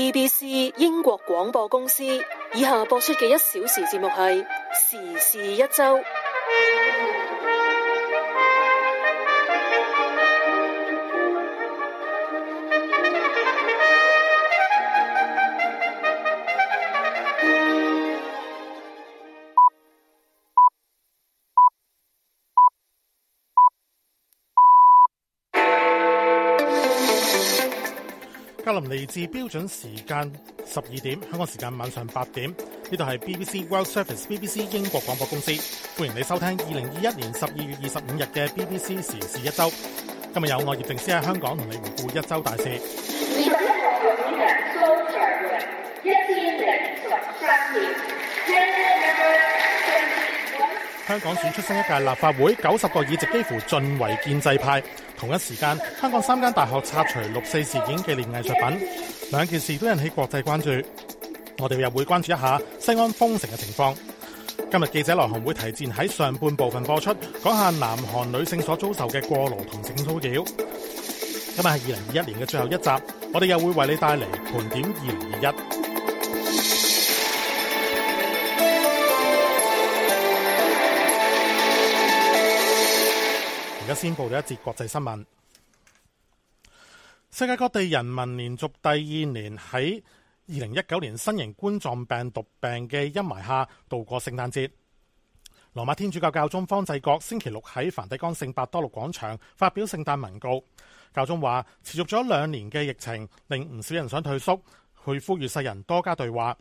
BBC 英國廣播公司以下播出嘅一小時節目係時事一周。柏林嚟自標準時間十二點，香港時間晚上八點。呢度係 BBC World Service，BBC 英國廣播公司。歡迎你收聽二零二一年十二月二十五日嘅 BBC 時事一周。今日有我葉靖斯喺香港同你回顧一周大事。 香港選出新一屆立法會，九十個議席幾乎盡為建制派。同一時間，香港三間大學拆除六四事件紀念藝術品，兩件事都引起國際關注。我哋又會關注一下西安封城嘅情況。今日記者來鴻會提前喺上半部分播出，講下南韓女性所遭受嘅過勞同性騷擾。今日係二零二一年嘅最後一集，我哋又會為你帶嚟盤點二零二一。先報咗一節國際新聞，世界各地人民連續第二年喺二零一九年新型冠狀病毒病嘅陰霾下度過聖誕節。羅馬天主教教教宗方濟各星期六喺梵蒂岡聖伯多祿廣場發表聖誕文告，教宗話持續咗兩年嘅疫情令唔少人想退縮，去呼籲世人多加對話。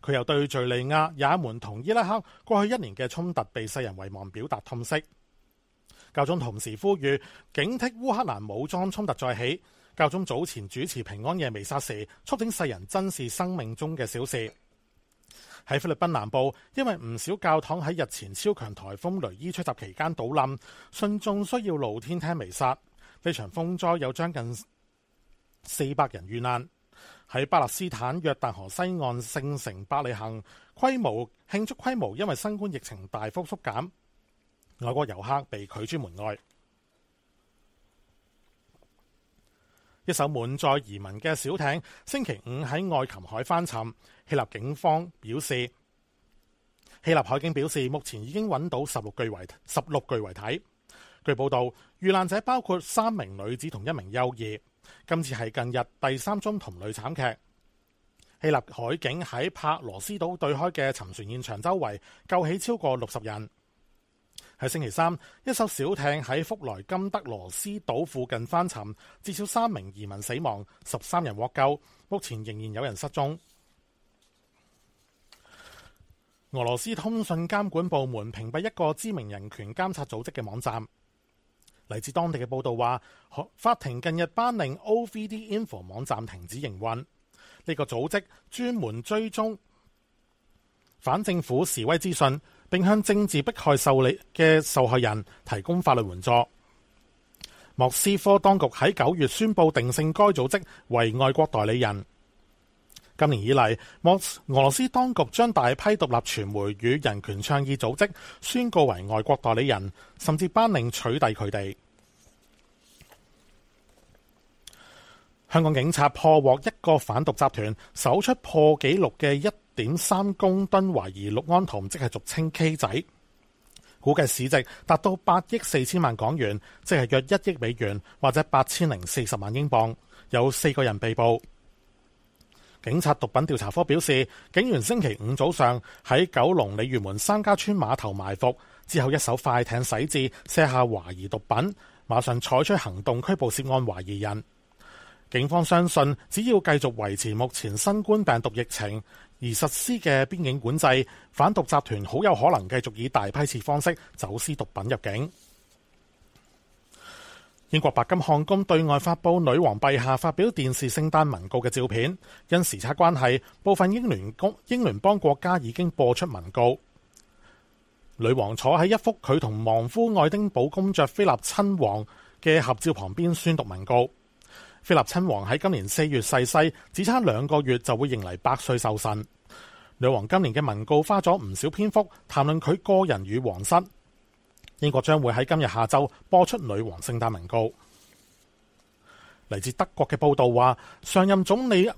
佢又對敘利亞、也門同伊拉克過去一年嘅衝突被世人遺忘表達痛惜。教宗同時呼籲警惕烏克蘭武裝衝突再起。教宗早前主持平安夜彌撒時，促請世人珍視生命中嘅小事。喺菲律賓南部，因為唔少教堂喺日前超強颱風雷伊吹襲期間倒冧，信眾需要露天聽彌撒。呢場風災有將近四百人遇難。喺巴勒斯坦約旦河西岸聖城伯利恒，規模慶祝規模因為新冠疫情大幅縮減,減。外國遊客被拒諸門外。一艘滿載移民嘅小艇星期五喺愛琴海翻沉。希臘警方表示，希臘海警表示目前已經揾到十六具遺十六具遺體。據報道，遇難者包括三名女子同一名幼兒。今次係近日第三宗同類慘劇。希臘海警喺帕羅斯島對開嘅沉船現場周圍救起超過六十人。喺星期三，一艘小艇喺福萊金德羅斯島附近翻沉，至少三名移民死亡，十三人獲救，目前仍然有人失蹤。俄羅斯通訊監管部門屏蔽一個知名人權監察組織嘅網站。嚟自當地嘅報道話，法庭近日頒令 OVDInfo 網站停止營運。呢個組織專門追蹤反政府示威資訊。並向政治迫害受理嘅受害人提供法律援助。莫斯科當局喺九月宣布定性該組織為外國代理人。今年以嚟，莫俄羅斯當局將大批獨立傳媒與人權倡議組織宣告為外國代理人，甚至頒令取締佢哋。香港警察破獲一個販毒集團，搜出破紀錄嘅一。點三公噸懷疑氯胺酮，即係俗稱 K 仔，估計市值達到八億四千萬港元，即係約一億美元或者八千零四十萬英鎊。有四個人被捕。警察毒品調查科表示，警員星期五早上喺九龍鯉魚門三家村碼頭埋伏，之後一艘快艇駛至卸下懷疑毒品，馬上採取行動拘捕涉案懷疑人。警方相信，只要繼續維持目前新冠病毒疫情而實施嘅邊境管制，販毒集團好有可能繼續以大批次方式走私毒品入境。英國白金漢宮對外發布女王陛下發表電視聖誕文告嘅照片，因時差關係，部分英聯公英聯邦國家已經播出文告。女王坐喺一幅佢同亡夫愛丁堡公爵菲立親王嘅合照旁邊宣讀文告。菲立親王喺今年四月逝世，世，只差兩個月就會迎嚟百歲壽辰。女王今年嘅文告花咗唔少篇幅談論佢個人與皇室。英國將會喺今日下晝播出女王聖誕文告。嚟自德國嘅報道話，上任總理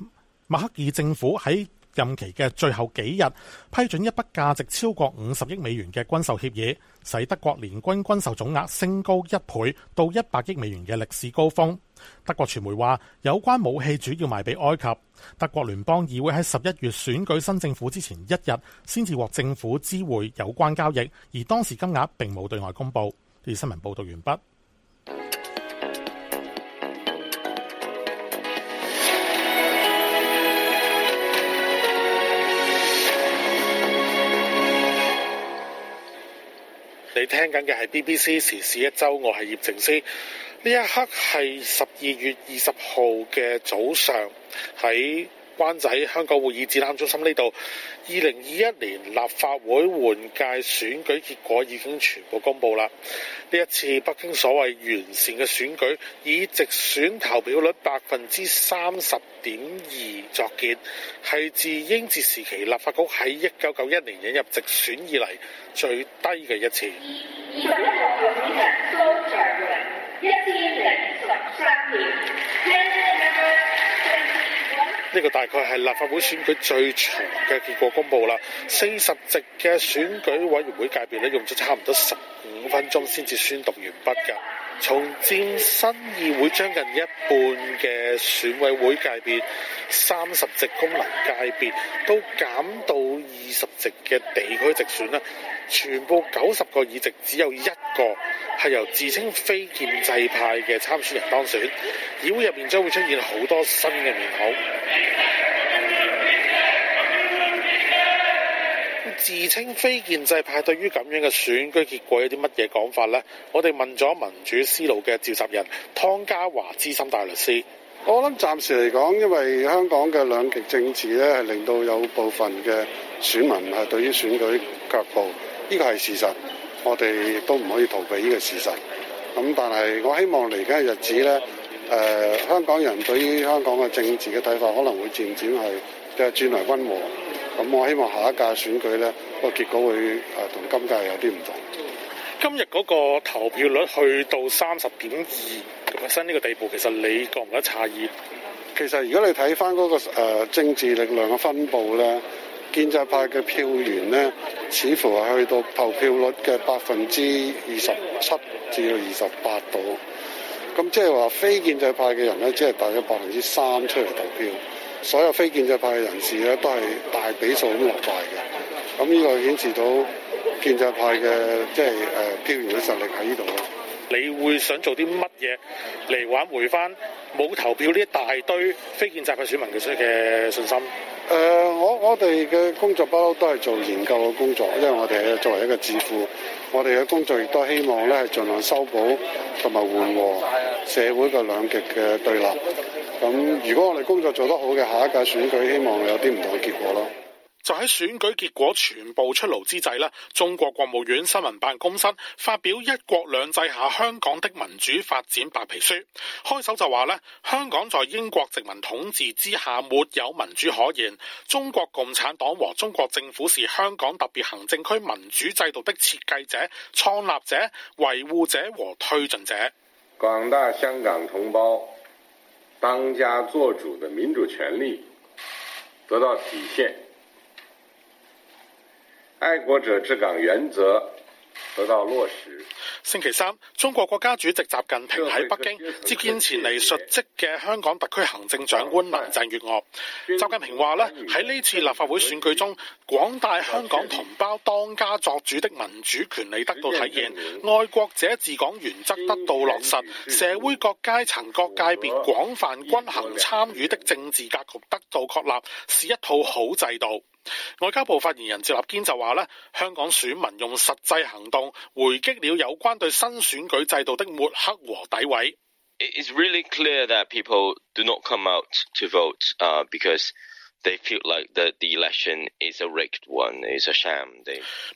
默克爾政府喺任期嘅最後幾日，批准一筆價值超過五十億美元嘅軍售協議，使德國年均軍，軍售總額升高一倍，到一百億美元嘅歷史高峰。德國傳媒話，有關武器主要賣俾埃及。德國聯邦議會喺十一月選舉新政府之前一日，先至獲政府知會有關交易，而當時金額並冇對外公布。啲新聞報道完畢。你聽緊嘅係 BBC《時事一周》，我係葉靜思。呢一刻係十二月二十號嘅早上喺灣仔香港會議展覽中心呢度，二零二一年立法會換屆選舉結果已經全部公布啦。呢一次北京所謂完善嘅選舉，以直選投票率百分之三十點二作結，係自英治時期立法局喺一九九一年引入直選以嚟，最低嘅一次。呢個大概係立法會選舉最長嘅結果公布啦，四十席嘅選舉委員會界別咧，用咗差唔多十五分鐘先至宣讀完畢噶。從佔新議會將近一半嘅選委會界別、三十席功能界別，都減到二十席嘅地區直選啦。全部九十個議席，只有一個係由自稱非建制派嘅參選人當選。議會入面將會出現好多新嘅面孔。自稱非建制派對於咁樣嘅選舉結果有啲乜嘢講法呢？我哋問咗民主思路嘅召集人湯家驊資深大律師。我諗暫時嚟講，因為香港嘅兩極政治呢，係令到有部分嘅選民係對於選舉卻步，呢個係事實。我哋都唔可以逃避呢個事實。咁但係我希望嚟緊嘅日子呢，誒、呃、香港人對於香港嘅政治嘅睇法可能會漸漸係嘅轉嚟溫和。咁、嗯、我希望下一屆選舉咧，個結果會誒同、呃、今屆有啲唔同。今日嗰個投票率去到三十點二個新呢個地步，其實你覺唔覺得詫異？其實如果你睇翻嗰個、呃、政治力量嘅分佈咧，建制派嘅票源咧，似乎係去到投票率嘅百分之二十七至到二十八度。咁即係話非建制派嘅人咧，即係大約百分之三出嚟投票。所有非建制派嘅人士咧，都係大比數咁落敗嘅。咁呢個顯示到建制派嘅即係誒票源嘅實力喺呢度咯。你會想做啲乜嘢嚟挽回翻冇投票呢一大堆非建制派選民嘅出嘅信心？誒、呃，我我哋嘅工作不嬲都係做研究嘅工作，因為我哋作為一個智庫。我哋嘅工作亦都希望咧，係盡量修補同埋緩和社會嘅兩極嘅對立。咁如果我哋工作做得好嘅，下一屆選舉，希望有啲唔同嘅結果咯。就喺選舉結果全部出爐之際呢，中國國務院新聞辦公室發表《一國兩制下香港的民主發展白皮書》開手，開首就話呢，香港在英國殖民統治之下沒有民主可言。中國共產黨和中國政府是香港特別行政區民主制度的設計者、創立者、維護者和推進者。廣大香港同胞當家作主的民主權利得到體現。愛國者治港原則得到落實。星期三，中國國家主席習近平喺北京接見前嚟述職嘅香港特區行政長官林鄭月娥。習近平話呢喺呢次立法會選舉中，廣大香港同胞當家作主的民主權利得到體現，愛國者治港原則得到落實，社會各階層各界別廣泛均衡參與的政治格局得到確立，是一套好制度。外交部發言人趙立堅就話咧，香港選民用實際行動回擊了有關對新選舉制度的抹黑和詆毀。It's really clear that people do not come out to vote because...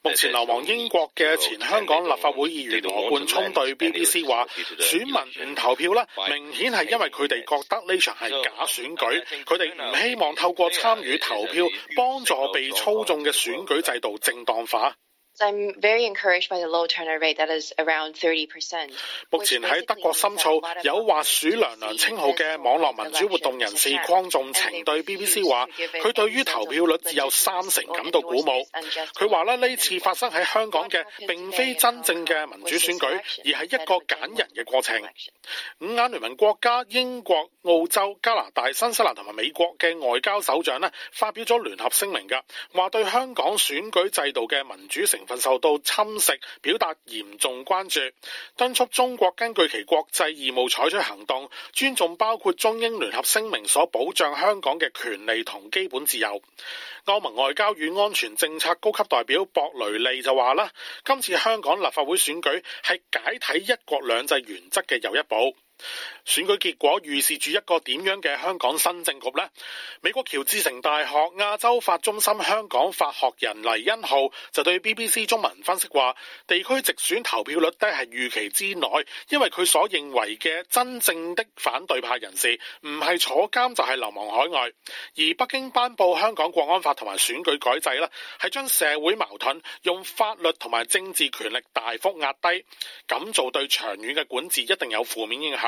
目前流亡英國嘅前香港立法會議員羅冠聰對 BBC 話，選民唔投票啦，明顯係因為佢哋覺得呢場係假選舉，佢哋唔希望透過參與投票幫助被操縱嘅選舉制度正當化。I'm very encouraged by the low turnout rate, that is around 30%。目前喺德國深造有「滑鼠娘娘」稱號嘅網絡民主活動人士鄺仲晴對 BBC 話，佢對於投票率只有三成感到鼓舞。佢話啦，呢次發生喺香港嘅並非真正嘅民主選舉，而係一個揀人嘅過程。五眼聯盟國家英國、澳洲、加拿大、新西蘭同埋美國嘅外交首長呢，發表咗聯合聲明㗎，話對香港選舉制度嘅民主成受到侵蝕，表達嚴重關注，敦促中國根據其國際義務採取行動，尊重包括中英聯合聲明所保障香港嘅權利同基本自由。歐盟外交與安全政策高級代表博雷利就話啦：今次香港立法會選舉係解體一國兩制原則嘅又一步。選舉結果預示住一個點樣嘅香港新政局呢？美國喬治城大學亞洲法中心香港法學人黎恩浩就對 BBC 中文分析話：地區直選投票率低係預期之內，因為佢所認為嘅真正的反對派人士唔係坐監就係流亡海外。而北京頒布香港國安法同埋選舉改制呢，係將社會矛盾用法律同埋政治權力大幅壓低，咁做對長遠嘅管治一定有負面影響。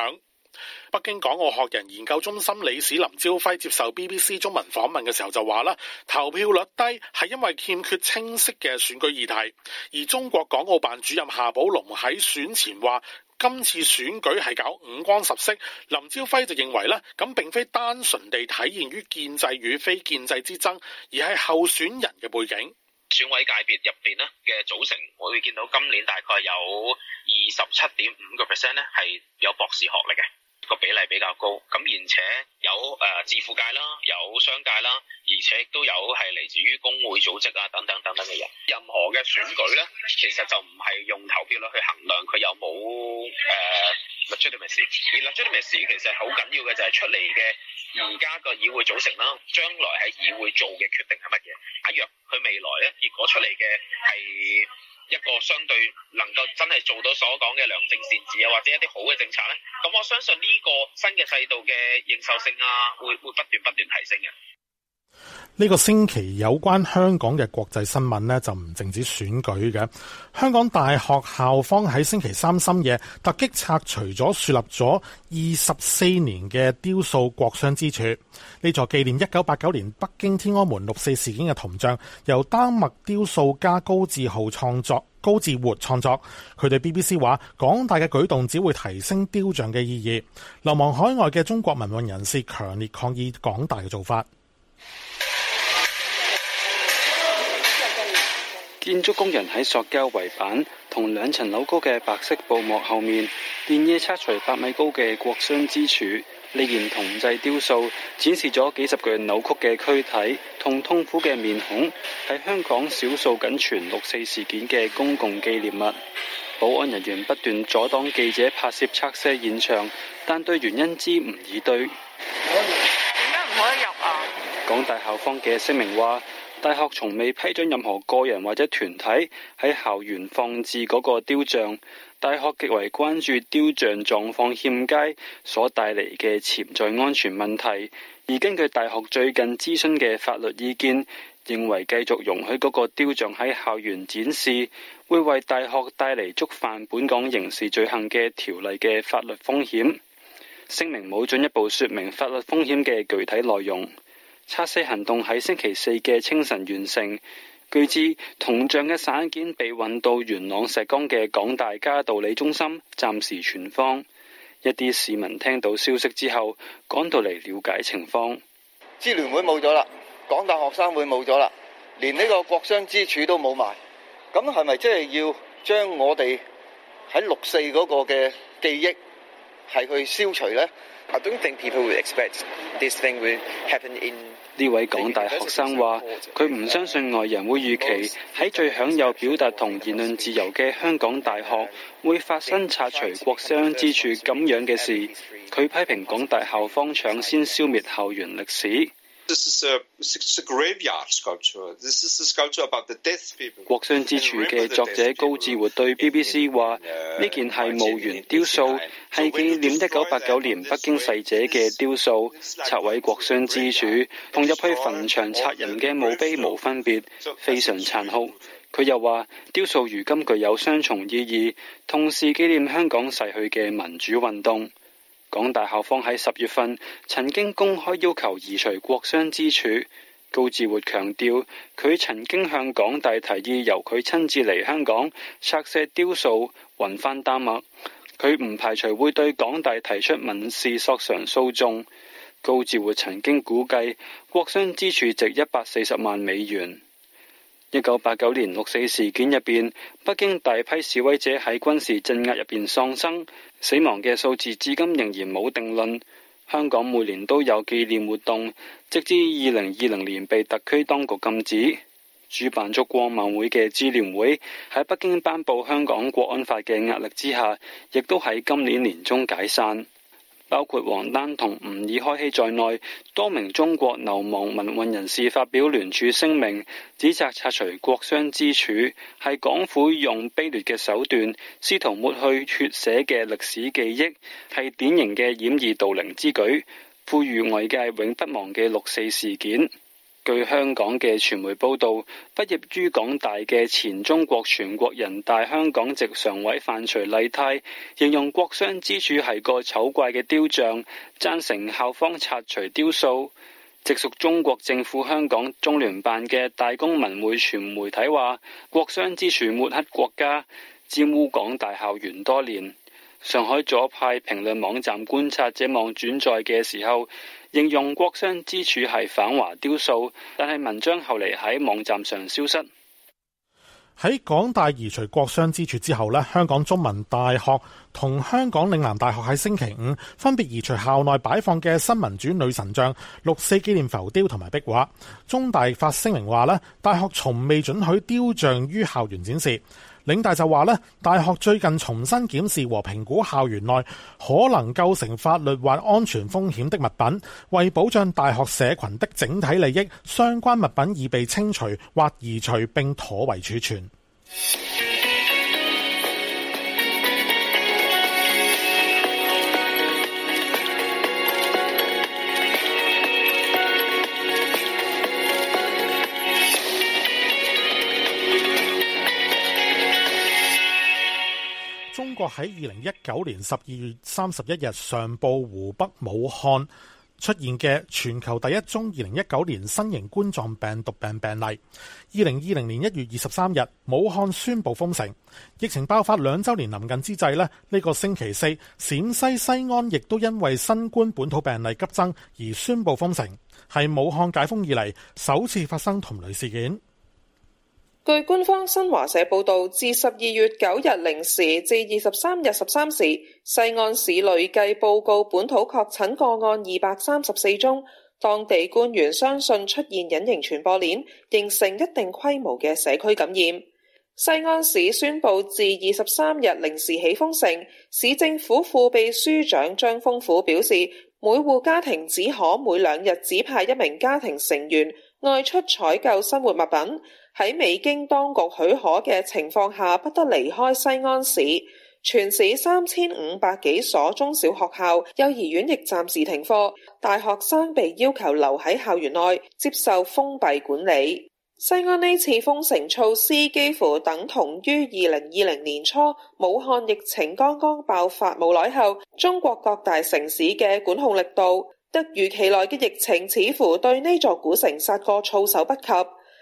北京港澳學人研究中心理事林朝輝接受 BBC 中文訪問嘅時候就話啦，投票率低係因為欠缺清晰嘅選舉議題，而中國港澳辦主任夏寶龍喺選前話，今次選舉係搞五光十色，林朝輝就認為咧，咁並非單純地體現於建制與非建制之爭，而係候選人嘅背景。選委界別入邊咧嘅組成，我會見到今年大概有二十七點五個 percent 咧係，有博士學歷嘅。個比例比較高，咁而且有誒致富界啦，有商界啦，而且亦都有係嚟自於工會組織啊，等等等等嘅人。任何嘅選舉咧，其實就唔係用投票率去衡量佢有冇誒 legitimacy，呃、legitimacy. 而 legitimacy 其實好緊要嘅就係出嚟嘅而家個議會組成啦，將來喺議會做嘅決定係乜嘢？假如佢未來咧結果出嚟嘅係。一個相對能夠真係做到所講嘅良政善治啊，或者一啲好嘅政策呢，咁我相信呢個新嘅制度嘅認受性啊，會會不斷不斷提升嘅。呢個星期有關香港嘅國際新聞呢，就唔淨止選舉嘅。香港大學校方喺星期三深夜突擊拆除咗樹立咗二十四年嘅雕塑《國殤之柱》。呢座紀念一九八九年北京天安門六四事件嘅銅像，由丹麥雕塑家高志浩創作，高志活創作。佢對 BBC 話：港大嘅舉動只會提升雕像嘅意義。流亡海外嘅中國民運人士強烈抗議港大嘅做法。建築工人喺塑膠圍板同兩層樓高嘅白色布幕後面，連夜拆除八米高嘅國殤之柱。呢件銅製雕塑展示咗幾十具扭曲嘅軀體同痛苦嘅面孔，係香港少數僅存六四事件嘅公共紀念物。保安人員不斷阻擋記者拍攝拆卸現場，但對原因支吾以對。點解唔可以入啊？港大校方嘅聲明話，大學從未批准任何個人或者團體喺校園放置嗰個雕像。大學極為關注雕像狀況欠佳所帶嚟嘅潛在安全問題，而根據大學最近諮詢嘅法律意見，認為繼續容許嗰個雕像喺校園展示，會為大學帶嚟觸犯本港刑事罪行嘅條例嘅法律風險。聲明冇進一步說明法律風險嘅具體內容。拆卸行動喺星期四嘅清晨完成。據知銅像嘅散件被運到元朗石崗嘅港大嘉道理中心，暫時存放。一啲市民聽到消息之後，趕到嚟了解情況。支聯會冇咗啦，港大學生會冇咗啦，連呢個國殤之柱都冇埋，咁係咪即係要將我哋喺六四嗰個嘅記憶係去消除呢？呢位港大學生話，佢唔相信外人會預期喺最享有表達同言論自由嘅香港大學會發生拆除國殤之柱咁樣嘅事。佢批評港大校方搶先消滅校園歷史。國殤之柱嘅作者高志活對 BBC 話：呢件係墓園雕塑，係紀念一九八九年北京逝者嘅雕塑。拆毀國殤之柱，同入去墳場拆人嘅墓碑無分別，非常殘酷。佢又話：雕塑如今具有雙重意義，同時紀念香港逝去嘅民主運動。港大校方喺十月份曾經公開要求移除國殤之柱，高志活強調佢曾經向港大提議由佢親自嚟香港拆卸雕塑，運返丹麥。佢唔排除會對港大提出民事索償訴訟。高志活曾經估計國殤之柱值一百四十萬美元。一九八九年六四事件入邊，北京大批示威者喺軍事鎮壓入邊喪生，死亡嘅數字至今仍然冇定論。香港每年都有紀念活動，直至二零二零年被特區當局禁止。主辦燭光晚會嘅支聯會喺北京頒布香港國安法嘅壓力之下，亦都喺今年年中解散。包括王丹同吾爾開希在內，多名中國流亡民運人士發表聯署聲明，指責拆除國殤之柱係港府用卑劣嘅手段，試圖抹去血寫嘅歷史記憶，係典型嘅掩耳盜鈴之舉，呼籲外界永不忘嘅六四事件。據香港嘅傳媒報道，畢業於港大嘅前中國全國人大香港籍常委范徐麗泰，形容國殤之柱係個醜怪嘅雕像，贊成校方拆除雕塑。直屬中國政府香港中聯辦嘅大公文匯傳媒體話，國殤之柱抹黑國家，玷污港大校園多年。上海左派評論網站觀察者網轉載嘅時候。形容國殤之柱係反華雕塑，但係文章後嚟喺網站上消失。喺港大移除國殤之柱之後咧，香港中文大學同香港嶺南大學喺星期五分別移除校內擺放嘅新民主女神像、六四紀念浮雕同埋壁畫。中大發聲明話咧，大學從未准許雕像於校園展示。領大就話咧，大學最近重新檢視和評估校園內可能構成法律或安全風險的物品，為保障大學社群的整體利益，相關物品已被清除或移除並妥為儲存。喺二零一九年十二月三十一日上報湖北武漢出現嘅全球第一宗二零一九年新型冠狀病毒病病例。二零二零年一月二十三日，武漢宣布封城。疫情爆發兩週年臨近之際咧，呢、呢個星期四，陝西西安亦都因為新冠本土病例急增而宣布封城，係武漢解封以嚟首次發生同類事件。據官方新華社報道，自十二月九日零時至二十三日十三時，西安市累計報告本土確診個案二百三十四宗。當地官員相信出現隱形傳播鏈，形成一定規模嘅社區感染。西安市宣布，自二十三日零時起封城。市政府副秘書長張峰虎表示，每戶家庭只可每兩日指派一名家庭成員外出採購生活物品。喺未經當局許可嘅情況下，不得離開西安市。全市三千五百幾所中小學校、幼兒園亦暫時停課，大學生被要求留喺校園內接受封閉管理。西安呢次封城措施幾乎等同於二零二零年初武漢疫情剛剛爆發冇耐後，中國各大城市嘅管控力度。突如其來嘅疫情似乎對呢座古城殺過措手不及。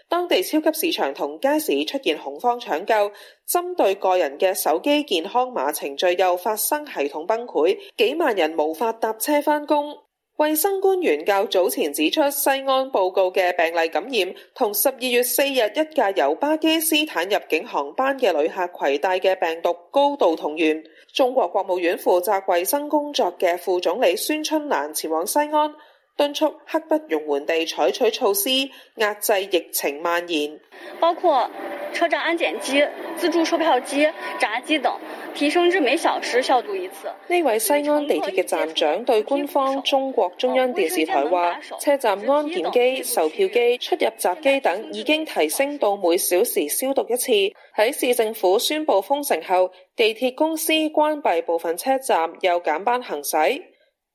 當地超級市場同街市出現恐慌搶救，針對個人嘅手機健康碼程序又發生系統崩潰，幾萬人無法搭車返工。衞生官員較早前指出，西安報告嘅病例感染同十二月四日一架由巴基斯坦入境航班嘅旅客攜帶嘅病毒高度同源。中國國務院負責衞生工作嘅副總理孫春蘭前往西安。敦促刻不容緩地採取措施，壓制疫情蔓延，包括車站安檢機、自助售票機、閘機等，提升至每小時消毒一次。呢位西安地鐵嘅站長對官方中國中央電視台話，車站安檢機、售票機、出入閘機等已經提升到每小時消毒一次。喺市政府宣布封城後，地鐵公司關閉部分車站，又減班行駛。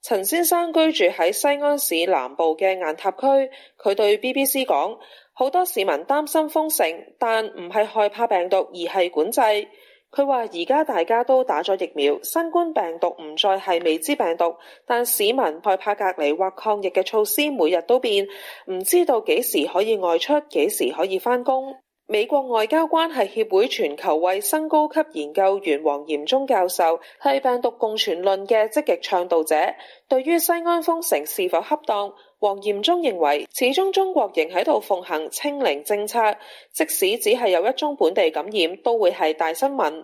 陳先生居住喺西安市南部嘅雁塔區，佢對 BBC 講，好多市民擔心封城，但唔係害怕病毒，而係管制。佢話而家大家都打咗疫苗，新冠病毒唔再係未知病毒，但市民害怕隔離或抗疫嘅措施每日都變，唔知道幾時可以外出，幾時可以翻工。美國外交關係協會全球衛生高級研究員黃嚴忠教授係病毒共存論嘅積極倡導者，對於西安封城是否恰當，黃嚴忠認為始終中國仍喺度奉行清零政策，即使只係有一宗本地感染，都會係大新聞。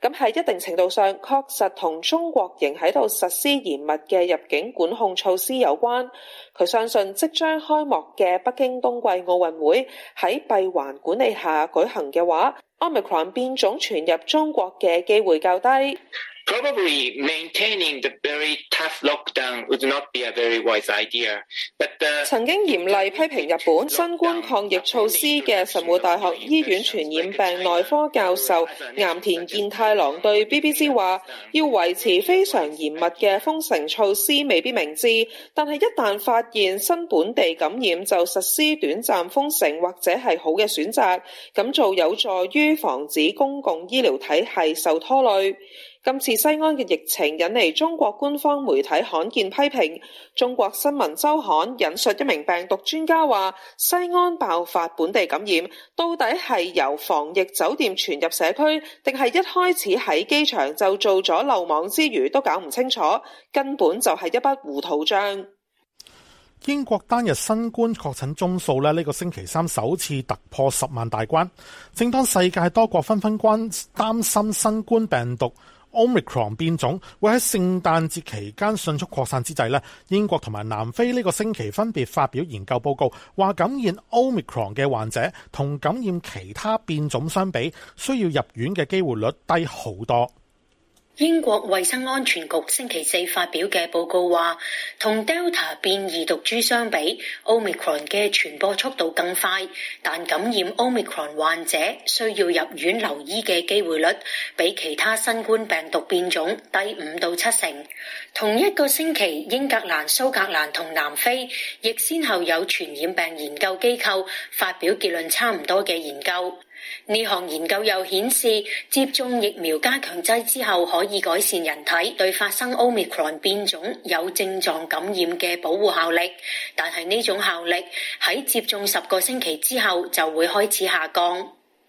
咁喺一定程度上，確實同中國仍喺度實施嚴密嘅入境管控措施有關。佢相信，即將開幕嘅北京冬季奧運會喺閉環管理下舉行嘅話，Omicron 變種傳入中國嘅機會較低。曾經嚴厲批評日本新冠抗疫措施嘅神戶大學醫院傳染病內科教授岩田健太郎對 BBC 話：要維持非常嚴密嘅封城措施未必明智，但係一旦發現新本地感染，就實施短暫封城或者係好嘅選擇，咁做有助於防止公共醫療體系受拖累。今次西安嘅疫情引嚟中國官方媒體罕見批評。中國新聞周刊引述一名病毒專家話：西安爆發本地感染，到底係由防疫酒店傳入社區，定係一開始喺機場就做咗漏網之魚都搞唔清楚，根本就係一筆糊塗賬。英國單日新冠確診宗數呢，呢、呢個星期三首次突破十萬大關。正當世界多國紛紛關擔心新冠病毒。Omicron 變種會喺聖誕節期間迅速擴散之際咧，英國同埋南非呢個星期分別發表研究報告，話感染 Omicron 嘅患者同感染其他變種相比，需要入院嘅機會率低好多。英國衛生安全局星期四發表嘅報告話，同 Delta 變異毒株相比，Omicron 嘅傳播速度更快，但感染 Omicron 患者需要入院留醫嘅機會率，比其他新冠病毒變種低五到七成。同一個星期，英格蘭、蘇格蘭同南非亦先後有傳染病研究機構發表結論差唔多嘅研究。呢項研究又顯示，接種疫苗加強劑之後，可以改善人體對發生 Omicron 變種有症狀感染嘅保護效力，但係呢種效力喺接種十個星期之後就會開始下降。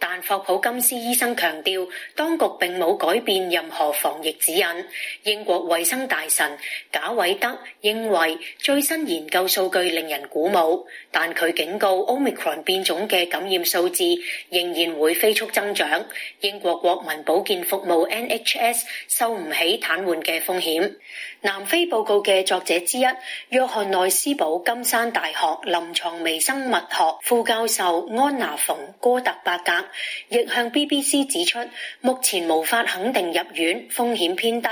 但霍普金斯醫生強調，當局並冇改變任何防疫指引。英國衛生大臣賈偉德認為最新研究數據令人鼓舞，但佢警告 Omicron 變種嘅感染數字仍然會飛速增長。英國國民保健服務 NHS 受唔起癱瘓嘅風險。南非報告嘅作者之一約翰內斯堡金山大學臨牀微生物學副教授安娜馮戈特伯格。亦向 BBC 指出，目前無法肯定入院風險偏低，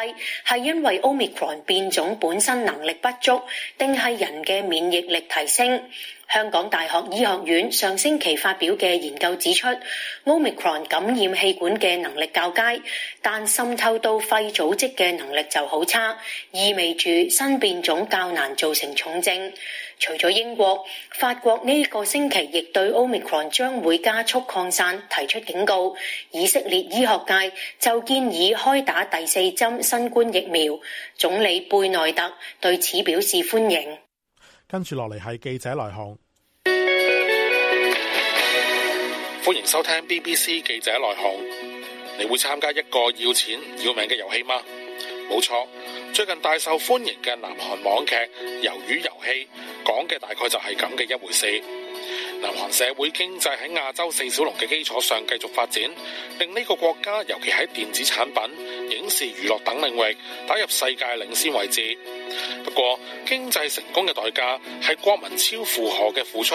係因為 Omicron 變種本身能力不足，定係人嘅免疫力提升。香港大學醫學院上星期發表嘅研究指出，Omicron 感染氣管嘅能力較佳，但滲透到肺組織嘅能力就好差，意味住新變種較難造成重症。除咗英國、法國呢個星期，亦對 Omicron 將會加速擴散提出警告。以色列醫學界就建議開打第四針新冠疫苗。總理貝內特對此表示歡迎。跟住落嚟係記者來鴻，歡迎收聽 BBC 記者來鴻。你會參加一個要錢要命嘅遊戲嗎？冇錯，最近大受歡迎嘅南韓網劇《魷魚遊戲》講嘅大概就係咁嘅一回事。南韓社會經濟喺亞洲四小龍嘅基礎上繼續發展，令呢個國家尤其喺電子產品、影視娛樂等領域打入世界領先位置。不過，經濟成功嘅代價係國民超負荷嘅付出。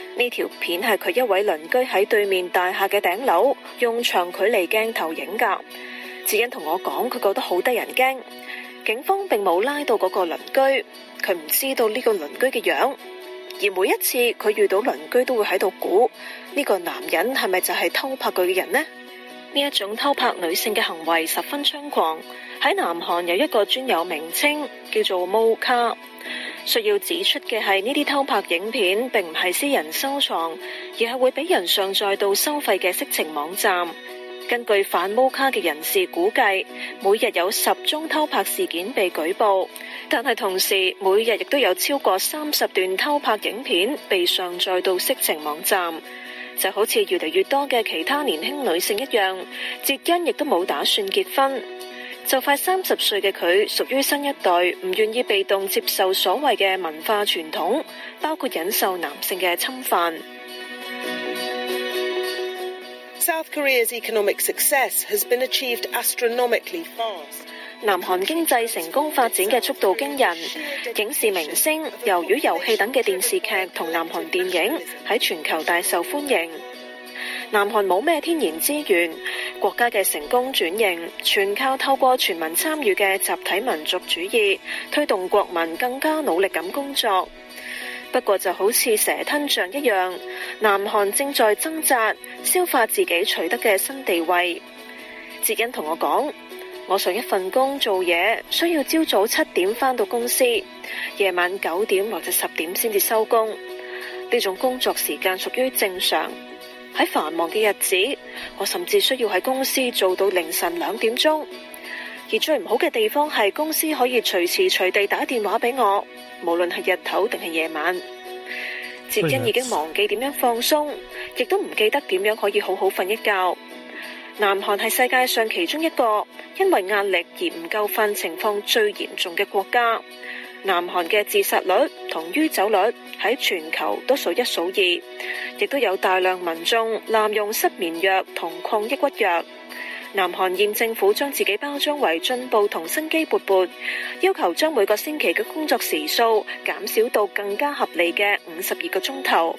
呢條片係佢一位鄰居喺對面大廈嘅頂樓用長距離鏡頭影噶。智恩同我講，佢覺得好得人驚。警方並冇拉到嗰個鄰居，佢唔知道呢個鄰居嘅樣。而每一次佢遇到鄰居都會喺度估呢個男人係咪就係偷拍佢嘅人呢？呢一種偷拍女性嘅行為十分猖狂，喺南韓有一個專有名稱叫做“ molka”。需要指出嘅係呢啲偷拍影片並唔係私人收藏，而係會俾人上載到收費嘅色情網站。根據反偷卡嘅人士估計，每日有十宗偷拍事件被舉報，但係同時每日亦都有超過三十段偷拍影片被上載到色情網站。就好似越嚟越多嘅其他年輕女性一樣，傑恩亦都冇打算結婚。就快三十歲嘅佢，屬於新一代唔願意被動接受所謂嘅文化傳統，包括忍受男性嘅侵犯。南韓經濟成功發展嘅速度驚人，影視明星、魷魚遊戲等嘅電視劇同南韓電影喺全球大受歡迎。南韓冇咩天然資源，國家嘅成功轉型全靠透過全民參與嘅集體民族主義，推動國民更加努力咁工作。不過就好似蛇吞象一樣，南韓正在掙扎消化自己取得嘅新地位。哲恩同我講，我上一份工做嘢需要朝早七點返到公司，夜晚九點或者十點先至收工，呢種工作時間屬於正常。喺繁忙嘅日子，我甚至需要喺公司做到凌晨兩點鐘。而最唔好嘅地方係公司可以隨時隨地打電話俾我，無論係日頭定係夜晚。哲欣已經忘記點樣放鬆，亦都唔記得點樣可以好好瞓一覺。南韓係世界上其中一個因為壓力而唔夠瞓情況最嚴重嘅國家。南韓嘅自殺率同酗酒率喺全球都數一數二，亦都有大量民眾濫用失眠藥同抗抑鬱藥。南韓現政府將自己包裝為進步同生機勃勃，要求將每個星期嘅工作時數減少到更加合理嘅五十二個鐘頭，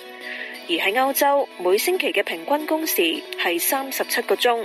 而喺歐洲每星期嘅平均工時係三十七個鐘。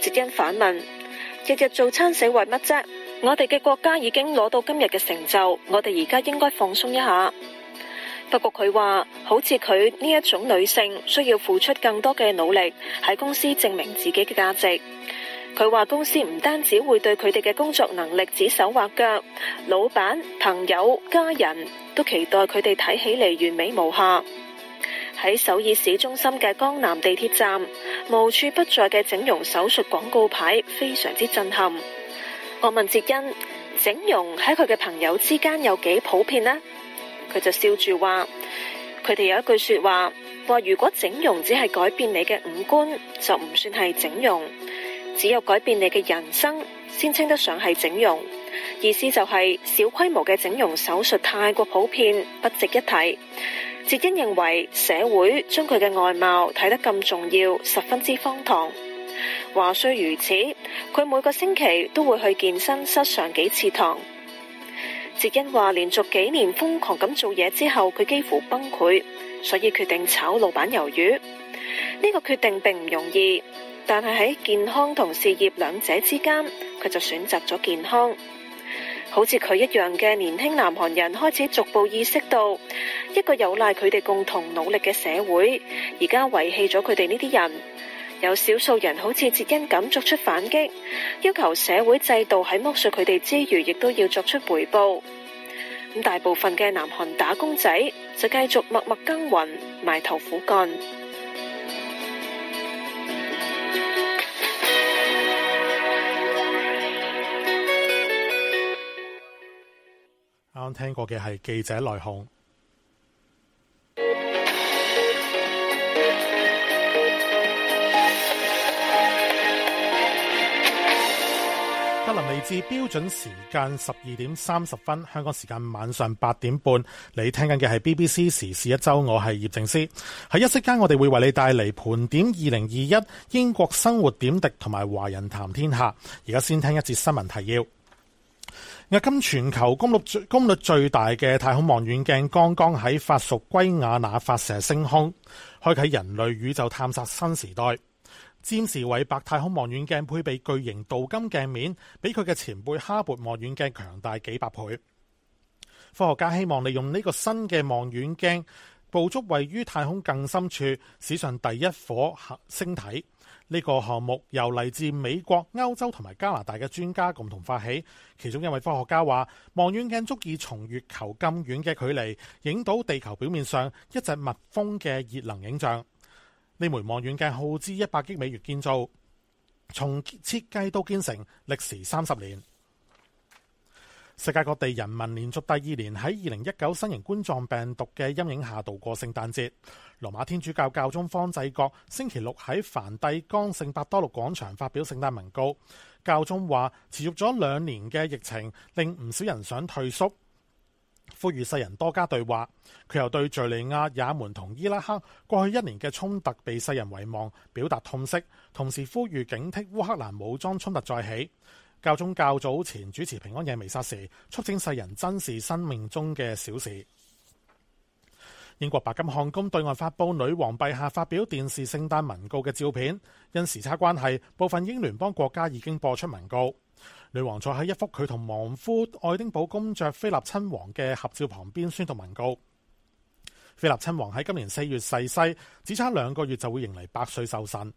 杰恩反問：日日做餐死為乜啫？我哋嘅國家已經攞到今日嘅成就，我哋而家應該放鬆一下。不過佢話，好似佢呢一種女性，需要付出更多嘅努力喺公司證明自己嘅價值。佢話公司唔單止會對佢哋嘅工作能力指手畫腳，老闆、朋友、家人都期待佢哋睇起嚟完美無瑕。喺首爾市中心嘅江南地鐵站，無處不在嘅整容手術廣告牌非常之震撼。我問哲欣，整容喺佢嘅朋友之間有幾普遍呢？佢就笑住話：佢哋有一句說話，話如果整容只係改變你嘅五官，就唔算係整容；只有改變你嘅人生，先稱得上係整容。意思就係、是、小規模嘅整容手術太過普遍，不值一提。杰恩認為社會將佢嘅外貌睇得咁重要，十分之荒唐。話雖如此，佢每個星期都會去健身室上幾次堂。杰恩話連續幾年瘋狂咁做嘢之後，佢幾乎崩潰，所以決定炒老闆魷魚。呢、這個決定並唔容易，但係喺健康同事業兩者之間，佢就選擇咗健康。好似佢一樣嘅年輕南韓人開始逐步意識到，一個有賴佢哋共同努力嘅社會，而家遺棄咗佢哋呢啲人。有少數人好似哲恩咁作出反擊，要求社會制度喺剝削佢哋之餘，亦都要作出回報。咁大部分嘅南韓打工仔就繼續默默耕耘，埋頭苦幹。聽過嘅係記者來鴻。格林尼治標準時間十二點三十分，香港時間晚上八點半。你聽緊嘅係 BBC 時事一周，我係葉靖思。喺一息間，我哋會為你帶嚟盤點二零二一英國生活點滴同埋華人談天下。而家先聽一節新聞提要。如今全球功率最功率最大嘅太空望遠鏡剛剛喺法屬圭亞那發射升空，開啟人類宇宙探索新時代。佔士韋伯太空望遠鏡配備巨型鍍金鏡面，比佢嘅前輩哈勃望遠鏡強大幾百倍。科學家希望利用呢個新嘅望遠鏡，捕捉位於太空更深處史上第一顆星體。呢個項目由嚟自美國、歐洲同埋加拿大嘅專家共同發起，其中一位科學家話：望遠鏡足以從月球咁遠嘅距離影到地球表面上一隻蜜蜂嘅熱能影像。呢枚望遠鏡耗資一百億美元建造，從設計到建成歷時三十年。世界各地人民連續第二年喺二零一九新型冠狀病毒嘅陰影下度過聖誕節。羅馬天主教教宗方濟各星期六喺梵蒂岡聖伯多祿廣場發表聖誕文告，教宗話持續咗兩年嘅疫情令唔少人想退縮，呼籲世人多加對話。佢又對敘利亞、也門同伊拉克過去一年嘅衝突被世人遺忘表達痛惜，同時呼籲警惕烏克蘭武裝衝突再起。教宗較早前主持平安夜彌撒時，促請世人珍視生命中嘅小事。英國白金漢宮對外發布女王陛下發表電視聖誕文告嘅照片，因時差關係，部分英聯邦國家已經播出文告。女王坐喺一幅佢同亡夫愛丁堡公爵菲立親王嘅合照旁邊宣讀文告。菲立親王喺今年四月逝世，只差兩個月就會迎嚟百歲壽辰。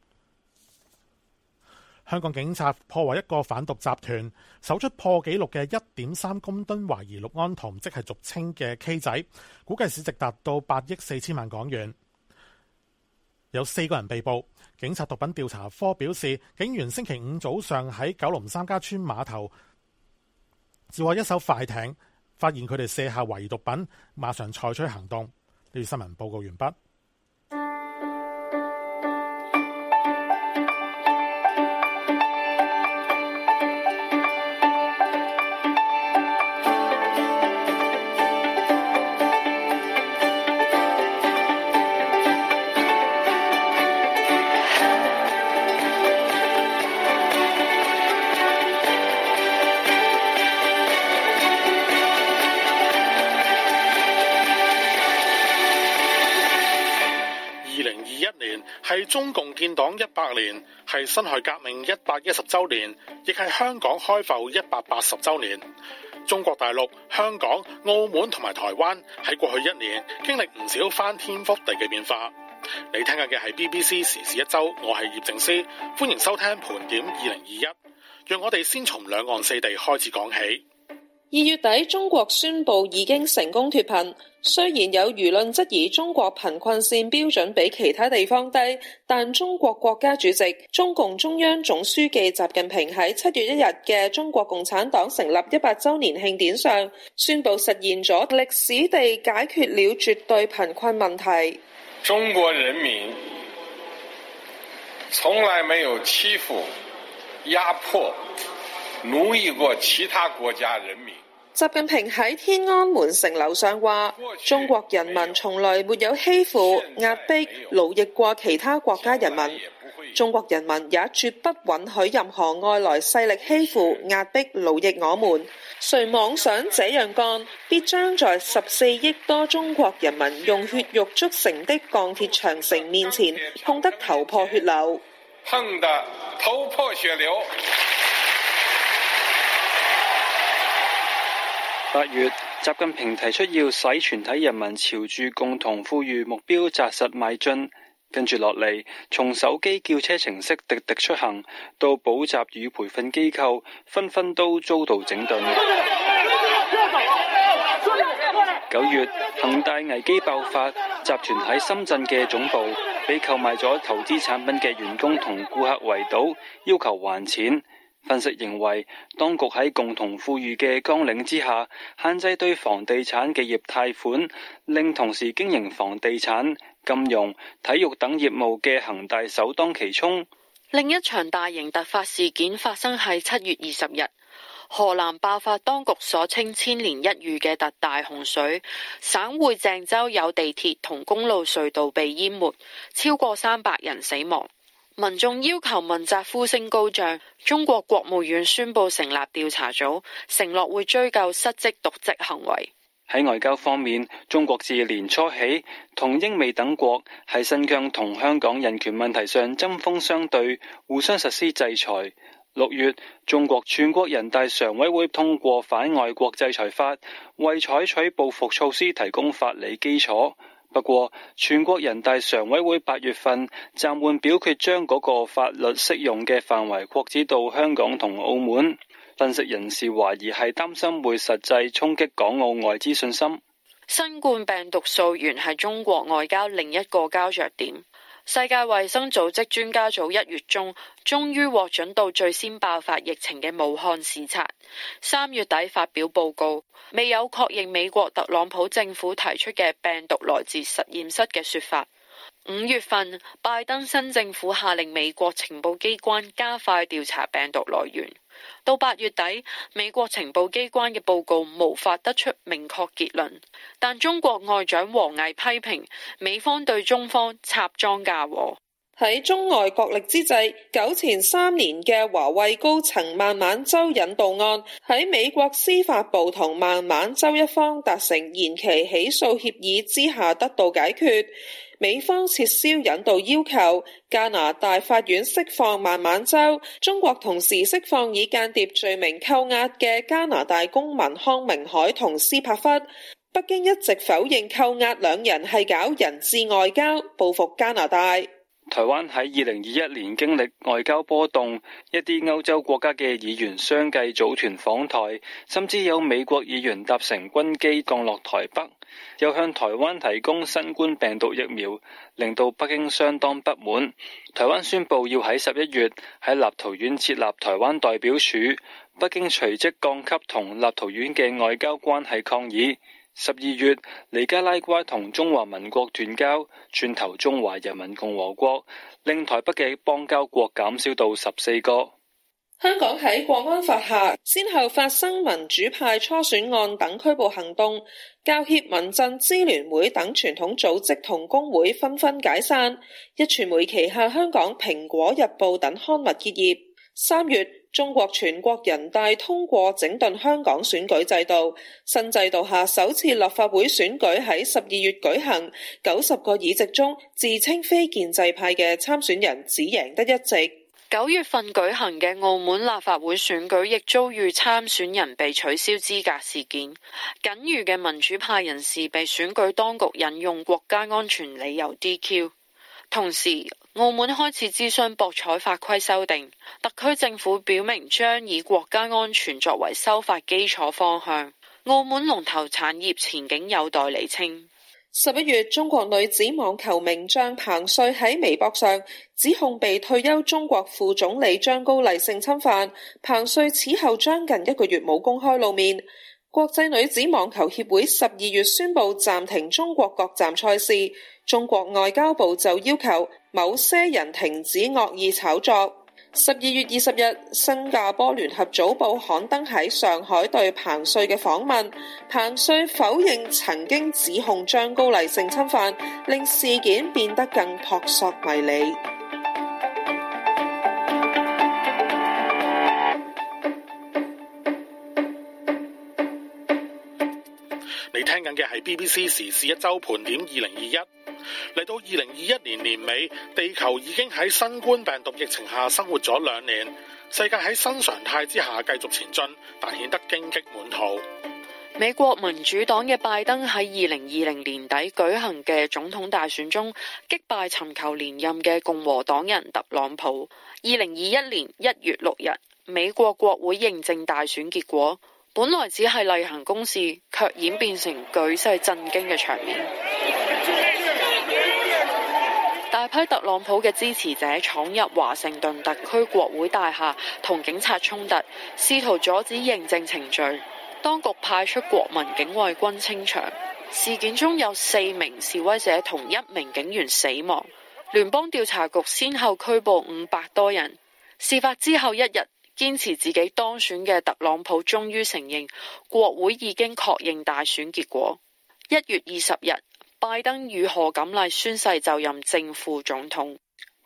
香港警察破獲一個販毒集團，搜出破紀錄嘅一點三公噸懷疑氯胺酮，即係俗稱嘅 K 仔，估計市值達到八億四千萬港元。有四個人被捕。警察毒品調查科表示，警員星期五早上喺九龍三家村碼頭，截獲一艘快艇，發現佢哋卸下懷疑毒品，馬上採取行動。呢條新聞報告完畢。中共建黨一百年，係辛亥革命一百一十周年，亦係香港開埠一百八十周年。中國大陸、香港、澳門同埋台灣喺過去一年經歷唔少翻天覆地嘅變化。你聽緊嘅係 BBC 時事一周，我係葉靖思，歡迎收聽盤點二零二一。讓我哋先從兩岸四地開始講起。二月底，中國宣佈已經成功脫貧。雖然有輿論質疑中國貧困綫標準比其他地方低，但中國國家主席、中共中央總書記習近平喺七月一日嘅中國共產黨成立一百周年慶典上宣佈實現咗歷史地解決了絕對貧困問題。中國人民從來沒有欺負、壓迫、奴役過其他國家人民。習近平喺天安門城樓上話：中國人民從來沒有欺負、壓迫、奴役過其他國家人民，中國人民也絕不允許任何外來勢力欺負、壓迫、奴役我們。誰妄想這樣幹，必將在十四億多中國人民用血肉築成的鋼鐵長城面前，碰得頭破血流。碰得頭破血流。八月，習近平提出要使全體人民朝住共同富裕目標紮實邁進。跟住落嚟，從手機叫車程式，滴滴出行到補習與培訓機構，紛紛都遭到整頓。九月，恒大危機爆發，集團喺深圳嘅總部被購買咗投資產品嘅員工同顧客圍堵，要求還錢。分析認為，當局喺共同富裕嘅綱領之下，限制對房地產企業貸款，令同時經營房地產、金融、體育等業務嘅恒大首當其衝。另一場大型突發事件發生喺七月二十日，河南爆發當局所稱千年一遇嘅特大洪水，省會鄭州有地鐵同公路隧道被淹沒，超過三百人死亡。民眾要求問責呼聲高漲，中國國務院宣布成立調查組，承諾會追究失職瀆職行為。喺外交方面，中國自年初起同英美等國喺新疆同香港人權問題上針鋒相對，互相實施制裁。六月，中國全國人大常委會通過《反外國制裁法》，為採取報復措施提供法理基礎。不過，全國人大常委會八月份暫緩表決將嗰個法律適用嘅範圍擴至到香港同澳門。分析人士懷疑係擔心會實際衝擊港澳外資信心。新冠病毒溯源係中國外交另一個膠著點。世界衛生組織專家組一月中終於獲准到最先爆發疫情嘅武漢視察，三月底發表報告，未有確認美國特朗普政府提出嘅病毒來自實驗室嘅說法。五月份，拜登新政府下令美國情報機關加快調查病毒來源。到八月底，美國情報機關嘅報告無法得出明確結論，但中國外長王毅批評美方對中方插贓嫁禍。喺中外角力之際，久前三年嘅華為高層孟晚舟引渡案喺美國司法部同孟晚舟一方達成延期起訴協議之下，得到解決。美方撤銷引渡要求，加拿大法院釋放孟晚舟，中國同時釋放以間諜罪名扣押嘅加拿大公民康明凱同斯帕弗。北京一直否認扣押兩人係搞人質外交，報復加拿大。台灣喺二零二一年經歷外交波動，一啲歐洲國家嘅議員相繼組團訪台，甚至有美國議員搭乘軍機降落台北，又向台灣提供新冠病毒疫苗，令到北京相當不滿。台灣宣布要喺十一月喺立陶宛設立台灣代表處，北京隨即降級同立陶宛嘅外交關係抗議。十二月，尼加拉瓜同中華民國斷交，轉投中華人民共和國，令台北嘅邦交國減少到十四個。香港喺國安法下，先後發生民主派初選案等拘捕行動，教協、民陣、支聯會等傳統組織同工會紛紛解散，壹傳媒旗下香港蘋果日報等刊物結業。三月。中國全國人大通過整頓香港選舉制度，新制度下首次立法會選舉喺十二月舉行，九十個議席中，自稱非建制派嘅參選人只贏得一席。九月份舉行嘅澳門立法會選舉亦遭遇參選人被取消資格事件，僅餘嘅民主派人士被選舉當局引用國家安全理由 DQ，同時。澳門開始諮詢博彩法規修訂，特區政府表明將以國家安全作為修法基礎方向。澳門龍頭產業前景有待釐清。十一月，中國女子網球名將彭帥喺微博上指控被退休中國副總理張高麗性侵犯。彭帥此後將近一個月冇公開露面。國際女子網球協會十二月宣佈暫停中國各站賽事，中國外交部就要求。某些人停止惡意炒作。十二月二十日，新加坡聯合早報刊登喺上海對彭帥嘅訪問，彭帥否認曾經指控張高麗性侵犯，令事件變得更撲朔迷離。你聽緊嘅係 BBC 時事一周盤點二零二一。嚟到二零二一年年尾，地球已經喺新冠病毒疫情下生活咗兩年，世界喺新常態之下繼續前進，但顯得荊棘滿途。美國民主黨嘅拜登喺二零二零年底舉行嘅總統大選中擊敗尋求連任嘅共和黨人特朗普。二零二一年一月六日，美國國會認證大選結果，本來只係例行公事，卻演變成舉世震驚嘅場面。大批特朗普嘅支持者闖入華盛頓特區國會大廈，同警察衝突，試圖阻止認證程序。當局派出國民警衛軍清場。事件中有四名示威者同一名警員死亡。聯邦調查局先後拘捕五百多人。事發之後一日，堅持自己當選嘅特朗普終於承認，國會已經確認大選結果。一月二十日。拜登如何敢嚟宣誓就任正副總統？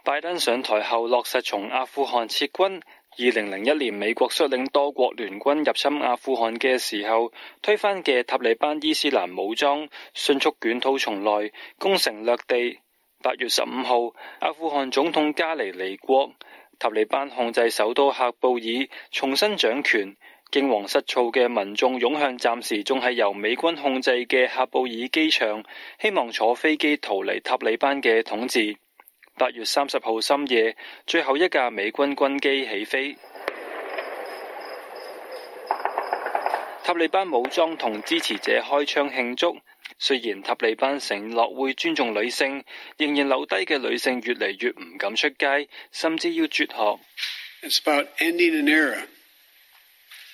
拜登上台後落實從阿富汗撤軍。二零零一年美國率領多國聯軍入侵阿富汗嘅時候，推翻嘅塔利班伊斯蘭武裝迅速捲土重來，攻城略地。八月十五號，阿富汗總統加尼離國，塔利班控制首都喀布爾，重新掌權。驚惶失措嘅民眾湧向暫時仲係由美軍控制嘅喀布爾機場，希望坐飛機逃離塔利班嘅統治。八月三十號深夜，最後一架美軍軍機起飛。塔利班武裝同支持者開槍慶祝。雖然塔利班承諾會尊重女性，仍然留低嘅女性越嚟越唔敢出街，甚至要絕學。